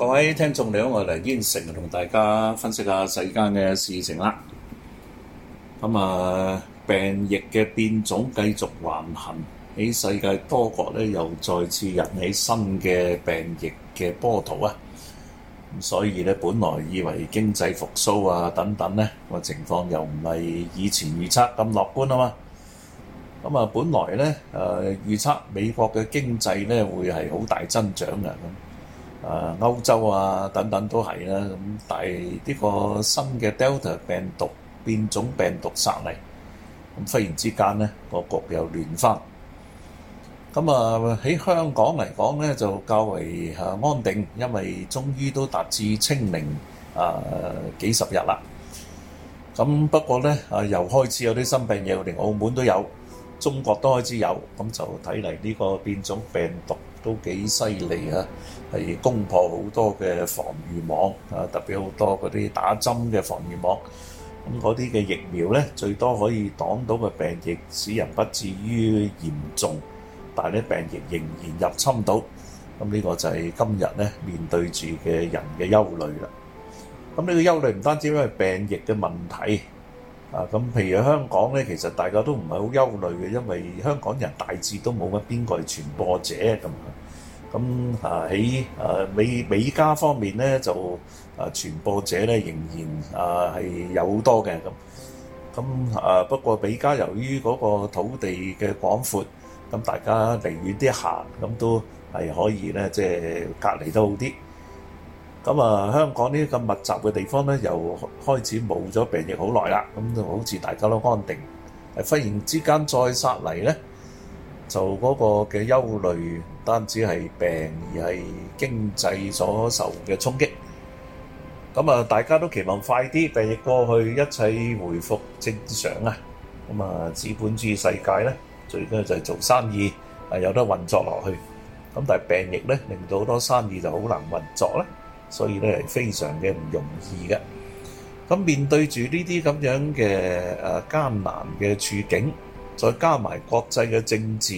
各位聽眾你好，我嚟呂堅成，同大家分析下世間嘅事情啦。咁啊，病疫嘅變種繼續橫行喺世界多國咧，又再次引起新嘅病疫嘅波濤啊。咁所以咧，本來以為經濟復甦啊等等咧，個情況又唔係以前預測咁樂觀啊嘛。咁啊，本來咧誒、啊、預測美國嘅經濟咧會係好大增長嘅咁。誒歐洲啊，等等都係啦，咁但係呢個新嘅 Delta 病毒變種病毒殺嚟，咁忽然之間咧個局又亂翻，咁啊喺香港嚟講咧就較為啊安定，因為終於都達至清零啊幾十日啦，咁不過咧啊又開始有啲新病嘢，連澳門都有。中國都開始有，咁就睇嚟呢個變種病毒都幾犀利啊！係攻破好多嘅防禦網啊，特別好多嗰啲打針嘅防禦網。咁嗰啲嘅疫苗咧，最多可以擋到個病疫，使人不至於嚴重，但係咧病疫仍然入侵到。咁呢個就係今日咧面對住嘅人嘅憂慮啦。咁呢個憂慮唔單止因為病疫嘅問題。啊，咁譬如香港咧，其實大家都唔係好憂慮嘅，因為香港人大致都冇乜邊個係傳播者咁。咁啊喺誒美美加方面咧，就誒傳播者咧仍然啊係有好多嘅咁。咁誒不過美加由於嗰個土地嘅廣闊，咁大家離遠啲行，咁都係可以咧，即係隔離得好啲。咁啊，香港呢啲咁密集嘅地方咧，又開始冇咗病疫好耐啦。咁就好似大家都安定，誒，忽然之間再殺嚟咧，就嗰個嘅憂慮唔單止係病，而係經濟所受嘅衝擊。咁啊，大家都期望快啲病疫過去，一切回復正常啊。咁啊，資本主義世界咧，最緊要就係做生意係有得運作落去。咁但係病疫咧，令到好多生意就好難運作啦。所以咧係非常嘅唔容易嘅。咁面對住呢啲咁樣嘅誒艱難嘅處境，再加埋國際嘅政治，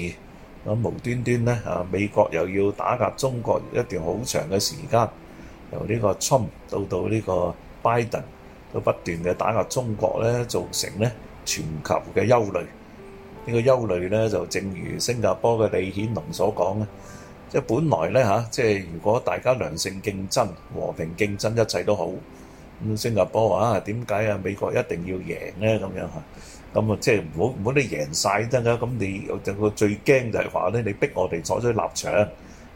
咁無端端咧啊美國又要打壓中國一段好長嘅時間，由呢個 Trump 到到呢個 Biden，都不斷嘅打壓中國咧，造成咧全球嘅憂慮。這個、憂慮，呢個憂慮咧就正如新加坡嘅李顯龍所講啊。即係本來咧嚇，即係如果大家良性競爭、和平競爭，一切都好。咁新加坡話啊，點解啊美國一定要贏咧？咁樣嚇咁啊，即係唔好唔好你贏曬得㗎。咁你就個最驚就係話咧，你逼我哋坐咗立場，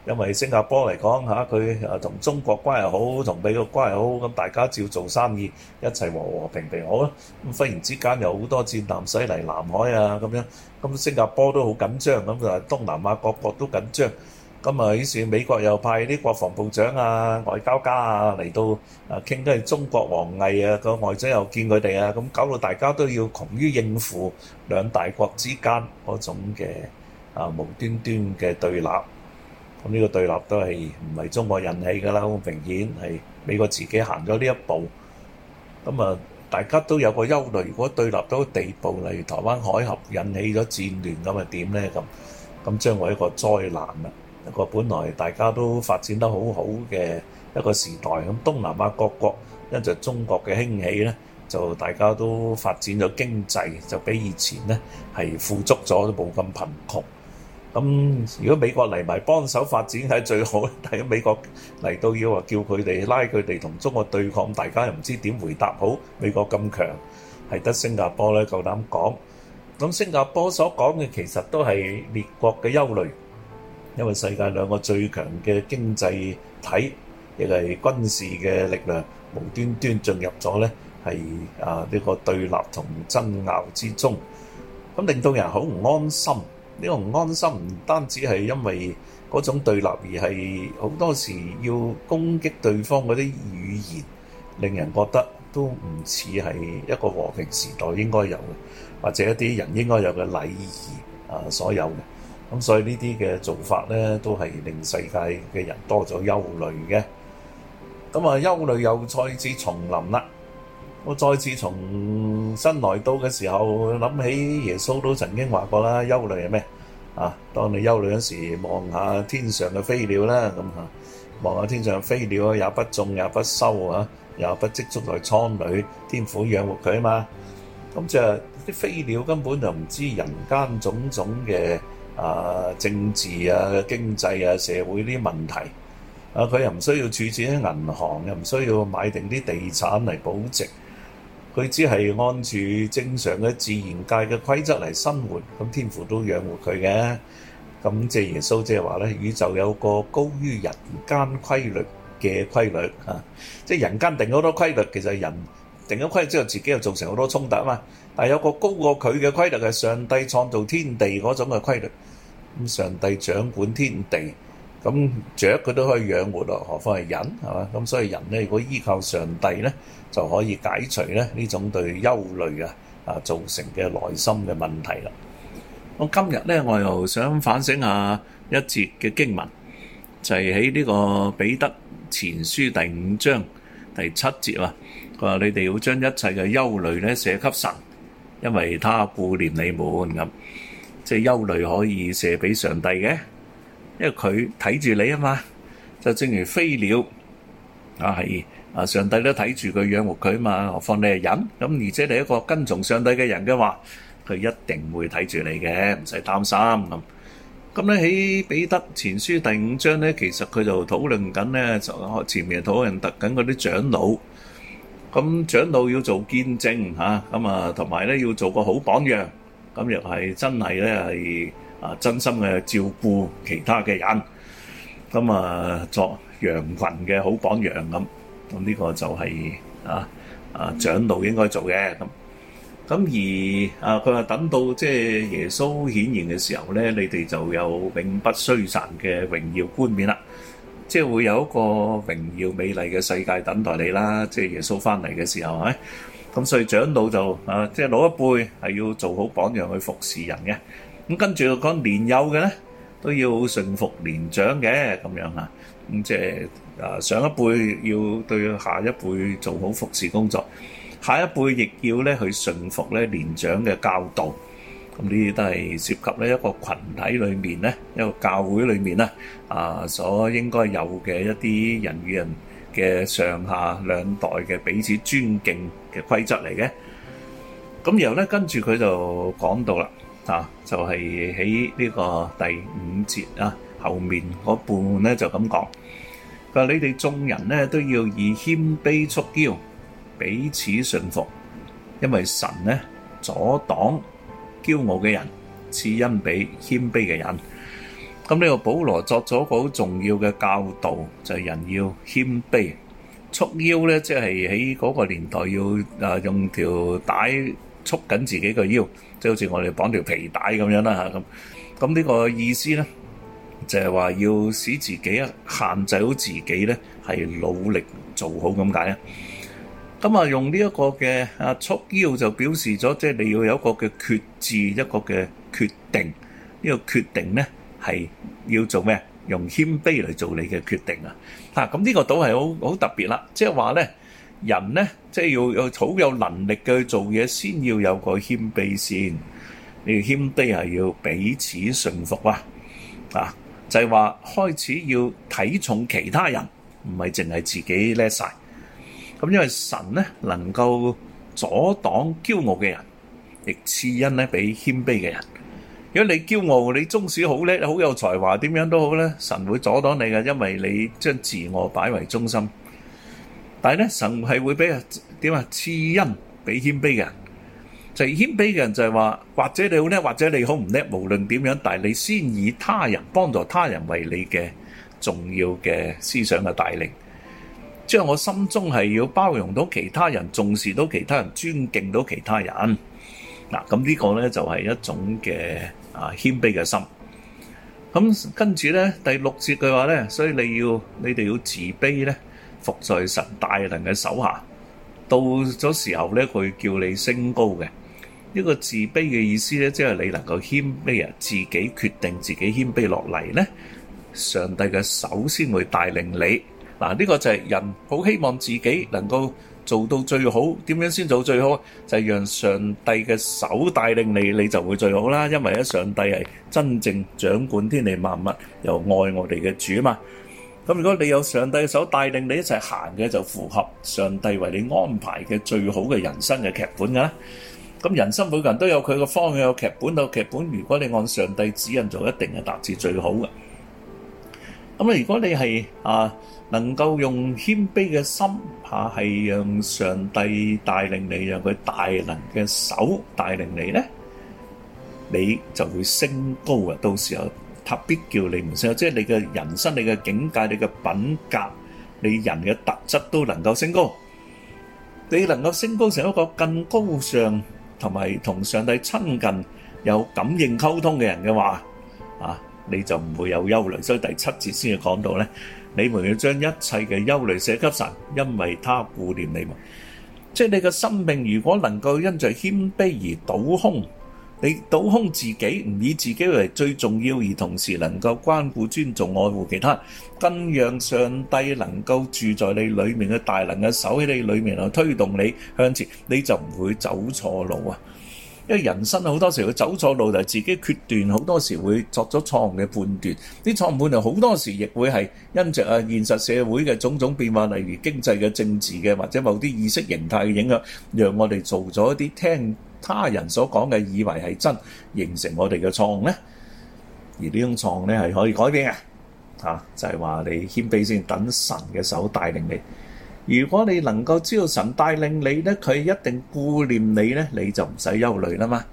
因為新加坡嚟講嚇，佢啊同中國關係好，同美國關係好，咁大家照做生意，一齊和和平平好啦。咁忽然之間有好多戰艦駛嚟南海啊咁樣，咁新加坡都好緊張，咁啊東南亞各國都緊張。咁啊！於是美國又派啲國防部長啊、外交家啊嚟到啊，傾都係中國王毅啊個外長又見佢哋啊，咁搞到大家都要窮於應付兩大國之間嗰種嘅啊無端端嘅對立。咁呢個對立都係唔係中國引起㗎啦？好明顯係美國自己行咗呢一步。咁啊，大家都有個憂慮，如果對立到地步，例如台灣海峽引起咗戰亂，咁啊點呢？咁咁將會一個災難啊！一個本來大家都發展得好好嘅一個時代，咁東南亞各國因着中國嘅興起呢，就大家都發展咗經濟，就比以前呢係富足咗，都冇咁貧窮。咁如果美國嚟埋幫手發展係最好，但係美國嚟到要話叫佢哋拉佢哋同中國對抗，大家又唔知點回答好。美國咁強，係得新加坡呢夠膽講。咁新加坡所講嘅其實都係列國嘅憂慮。因為世界兩個最強嘅經濟體，亦係軍事嘅力量無端端進入咗咧，係啊，呢個對立同爭拗之中，咁令到人好唔安心。呢個唔安心唔單止係因為嗰種對立，而係好多時要攻擊對方嗰啲語言，令人覺得都唔似係一個和平時代應該有嘅，或者一啲人應該有嘅禮儀啊所有嘅。咁所以呢啲嘅做法咧，都係令世界嘅人多咗憂慮嘅。咁啊，憂慮又再次重臨啦。我再次從新來到嘅時候，諗起耶穌都曾經話過啦。憂慮係咩啊？當你憂慮嗰時，望下天上嘅飛鳥啦，咁嚇望下天上飛鳥，也不種也不收啊，也不積蓄在倉裏，天父養活佢啊嘛。咁就係啲飛鳥根本就唔知人間種種嘅。啊，政治啊、經濟啊、社會啲問題啊，佢又唔需要儲錢喺銀行，又唔需要買定啲地產嚟保值，佢只係按住正常嘅自然界嘅規則嚟生活，咁、嗯、天父都養活佢嘅。咁即係耶穌即係話咧，宇宙有個高於人間規律嘅規律啊！即係人間定好多規律，其實係人。定咗規律之後，自己又造成好多衝突啊嘛。但係有個高過佢嘅規律係上帝創造天地嗰種嘅規律，咁上帝掌管天地，咁雀佢都可以養活咯，何況係人係嘛？咁所以人咧，如果依靠上帝咧，就可以解除咧呢種對憂慮啊啊造成嘅內心嘅問題啦。我今日咧，我又想反省下一節嘅經文，就係喺呢個彼得前書第五章第七節啊。佢話：你哋要將一切嘅憂慮咧，卸給神，因為他顧念你們咁，即係憂慮可以卸俾上帝嘅，因為佢睇住你啊嘛。就正如飛鳥啊，係啊，上帝都睇住佢養活佢啊嘛。何況你係人咁，而且你一個跟從上帝嘅人嘅話，佢一定會睇住你嘅，唔使擔心咁。咁咧喺彼得前書第五章咧，其實佢就討論緊咧，就前面討論緊嗰啲長老。咁長老要做見證嚇，咁啊同埋咧要做個好榜樣，咁亦係真係咧係啊真心嘅照顧其他嘅人，咁啊作羊羣嘅好榜樣咁，咁呢個就係啊啊長老應該做嘅咁。咁而啊佢話等到即係耶穌顯現嘅時候咧，你哋就有永不衰殘嘅榮耀冠冕啦。即係會有一個榮耀美麗嘅世界等待你啦。即係耶穌翻嚟嘅時候，係咁，所以長老就啊，即係老一輩係要做好榜樣去服侍人嘅。咁、啊、跟住講年幼嘅咧，都要順服年長嘅咁樣嚇。咁、啊、即係啊，上一輩要對下一輩做好服侍工作，下一輩亦要咧去順服咧年長嘅教導。咁呢啲都係涉及咧一個羣體裏面咧，一個教會裏面啊，啊所應該有嘅一啲人與人嘅上下兩代嘅彼此尊敬嘅規則嚟嘅。咁然後咧，跟住佢就講到啦，啊，就係喺呢個第五節啊後面嗰半咧就咁講，佢話：你哋眾人咧都要以謙卑束腰，彼此順服，因為神咧阻擋驕傲嘅人，賜恩俾謙卑嘅人。咁呢個保羅作咗個好重要嘅教導，就係、是、人要謙卑。束腰咧，即係喺嗰個年代要誒、啊、用條帶束緊自己個腰，即係好似我哋綁條皮帶咁樣啦吓。咁咁呢個意思咧，就係、是、話要使自己限制好自己咧，係努力做好咁解啊。咁、嗯嗯、啊，用呢一個嘅啊束腰就表示咗，即係你要有一個嘅決志，一個嘅決定。呢、這個決定咧係要做咩？用謙卑嚟做你嘅決定啊！啊，咁、嗯、呢、這個倒係好好特別啦。即係話咧，人咧即係要有好有能力嘅去做嘢，先要有個謙卑先。你謙卑係要彼此順服啊！啊，就係、是、話開始要睇重其他人，唔係淨係自己叻晒。咁因為神咧能夠阻擋驕傲嘅人，亦賜恩咧俾謙卑嘅人。如果你驕傲，你縱使好叻，好有才華，點樣都好咧，神會阻擋你嘅，因為你將自我擺為中心。但係咧，神係會俾點啊賜恩俾謙卑嘅人，就係、是、謙卑嘅人就係話，或者你好叻，或者你好唔叻，無論點樣，但係你先以他人幫助他人為你嘅重要嘅思想嘅帶領。即係我心中係要包容到其他人，重視到其他人，尊敬到其他人。嗱、啊、咁、這、呢個呢，就係、是、一種嘅啊謙卑嘅心。咁、啊、跟住呢，第六節佢話呢：「所以你要你哋要自卑呢，服在神大人嘅手下。到咗時候呢，佢叫你升高嘅呢、這個自卑嘅意思呢，即係你能夠謙卑啊，自己決定自己謙卑落嚟呢。上帝嘅手先會帶領你。嗱，呢個就係人好希望自己能夠做到最好，點樣先做最好？就係讓上帝嘅手帶領你，你就會最好啦。因為咧，上帝係真正掌管天地萬物又愛我哋嘅主啊嘛。咁如果你有上帝嘅手帶領你一齊行嘅，就符合上帝為你安排嘅最好嘅人生嘅劇本噶啦。咁人生每個人都有佢個方向、有劇本、有劇本。如果你按上帝指引做，一定係達至最好嘅。咁啊！如果你係啊，能夠用謙卑嘅心啊，係讓上帝帶領你，讓佢大能嘅手帶領你呢，你就會升高啊！到時候佢必叫你唔升，即係你嘅人生、你嘅境界、你嘅品格、你人嘅特質都能夠升高。你能夠升高成一個更高尚同埋同上帝親近、有感應溝通嘅人嘅話，啊！你就唔會有憂慮，所以第七節先至講到呢：你們要將一切嘅憂慮寫給神，因為他顧念你們。即係你個生命，如果能夠因着謙卑而倒空，你倒空自己，唔以自己為最重要，而同時能夠關顧、尊重、愛護其他，更讓上帝能夠住在你裡面嘅大能嘅手喺你裡面去推動你向前，你就唔會走錯路啊！因為人生好多時會走錯路，就係自己決斷，好多時會作咗錯誤嘅判斷。啲錯誤判斷好多時亦會係因著啊現實社會嘅種種變化，例如經濟嘅、政治嘅，或者某啲意識形態嘅影響，讓我哋做咗一啲聽他人所講嘅以為係真，形成我哋嘅錯誤咧。而呢種錯誤咧係可以改變嘅，嚇就係話你謙卑先，等神嘅手帶領你。如果你能夠知道神帶領你咧，佢一定顧念你咧，你就唔使憂慮啦嘛。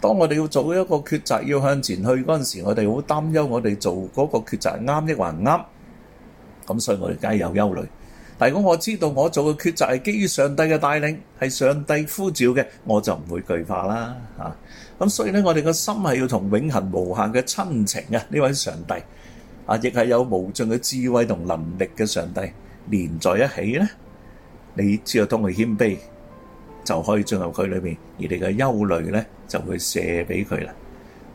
當我哋要做一個抉擇要向前去嗰陣時，我哋好擔憂我哋做嗰個抉擇啱抑或唔啱，咁所以我哋梗係有憂慮。但如果我知道我做嘅抉擇係基於上帝嘅帶領，係上帝呼召嘅，我就唔會懼怕啦嚇。咁所以咧，我哋個心係要同永恆無限嘅親情啊！呢位上帝啊，亦係有無盡嘅智慧同能力嘅上帝。連在一起咧，你只有當佢謙卑，就可以進入佢裏面。而你嘅憂慮咧，就會射俾佢啦。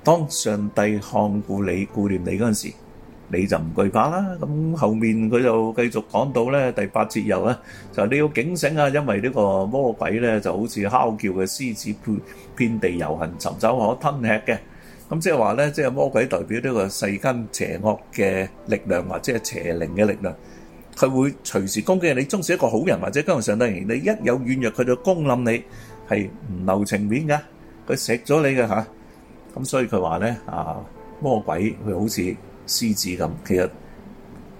當上帝看顧你、顧念你嗰陣時，你就唔懼怕啦。咁後面佢就繼續講到咧，第八節又啊，就係你要警醒啊，因為呢個魔鬼咧就好似嚎叫嘅獅子，遍遍地遊行，尋找可吞吃嘅。咁即係話咧，即係魔鬼代表呢個世間邪惡嘅力量，或者係邪靈嘅力量。佢會隨時攻擊你。你即使一個好人或者跟住上帝，你一有軟弱，佢就攻冧你，係唔留情面嘅。佢食咗你嘅嚇。咁所以佢話咧啊，魔鬼佢好似獅子咁。其實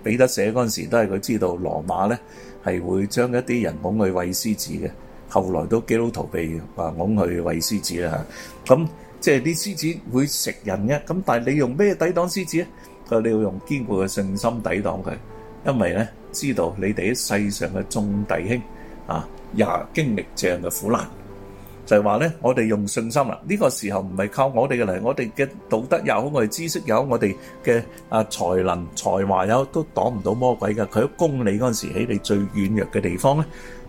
彼得寫嗰陣時都係佢知道羅馬咧係會將一啲人拱去餵獅子嘅。後來都基督徒被話拱去餵獅子啦嚇。咁即係啲獅子會食人嘅。咁但係你用咩抵擋獅子咧？佢話你要用堅固嘅信心抵擋佢，因為咧。知道你哋喺世上嘅眾弟兄啊，也經歷這樣嘅苦難，就係話咧，我哋用信心啦。呢個時候唔係靠我哋嘅嚟，我哋嘅道德又好，我哋知識有，我哋嘅啊才能、才華有，都擋唔到魔鬼嘅。佢攻你嗰陣時，喺你最軟弱嘅地方咧，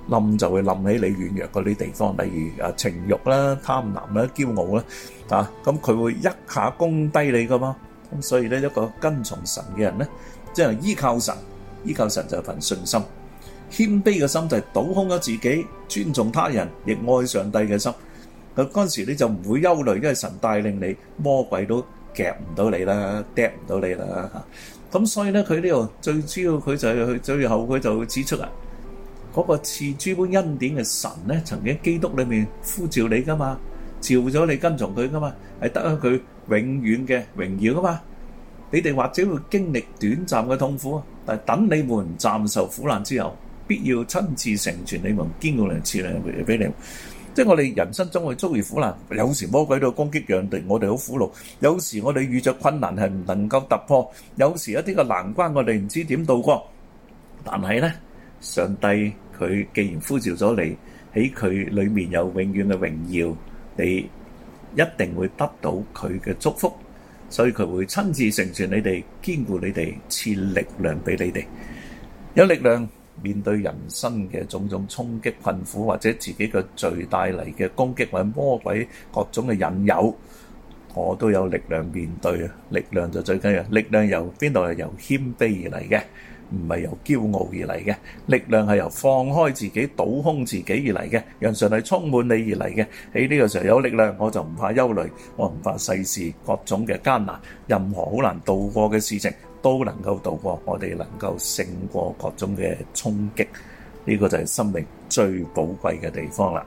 冧就會冧喺你軟弱嗰啲地方，例如啊情慾啦、貪婪啦、驕傲啦啊，咁佢會一下攻低你噶嘛。咁所以咧，一個跟從神嘅人咧，即係依靠神。依靠神就係份信心，謙卑嘅心就係倒空咗自己，尊重他人，亦愛上帝嘅心。咁嗰陣時你就唔會憂慮，因為神帶領你，魔鬼都夾唔到你啦，夾唔到你啦。咁所以咧，佢呢度最主要佢就去最後佢就指出啊，嗰個似諸般恩典嘅神咧，曾經基督裡面呼召你噶嘛，召咗你跟從佢噶嘛，係得咗佢永遠嘅榮耀噶嘛。你哋或者會經歷短暫嘅痛苦。但等你們暫受苦難之後，必要親自成全你們，堅固良刺良回俾你。即係我哋人生中會遭遇苦難，有時魔鬼都攻擊人哋，我哋好苦惱；有時我哋遇著困難係唔能夠突破，有時一啲嘅難關我哋唔知點度過。但係咧，上帝佢既然呼召咗你喺佢裏面有永遠嘅榮耀，你一定會得到佢嘅祝福。所以佢會親自成全你哋，堅固你哋，賜力量俾你哋。有力量面對人生嘅種種衝擊、困苦，或者自己嘅罪帶嚟嘅攻擊，或者魔鬼各種嘅引誘，我都有力量面對啊！力量就最緊要，力量由邊度啊？係由謙卑而嚟嘅。唔係由驕傲而嚟嘅，力量係由放開自己、倒空自己而嚟嘅，人神係充滿你而嚟嘅。喺呢個時候有力量，我就唔怕憂慮，我唔怕世事各種嘅艱難，任何好難度過嘅事情都能夠度過，我哋能夠勝過各種嘅衝擊。呢個就係生命最寶貴嘅地方啦。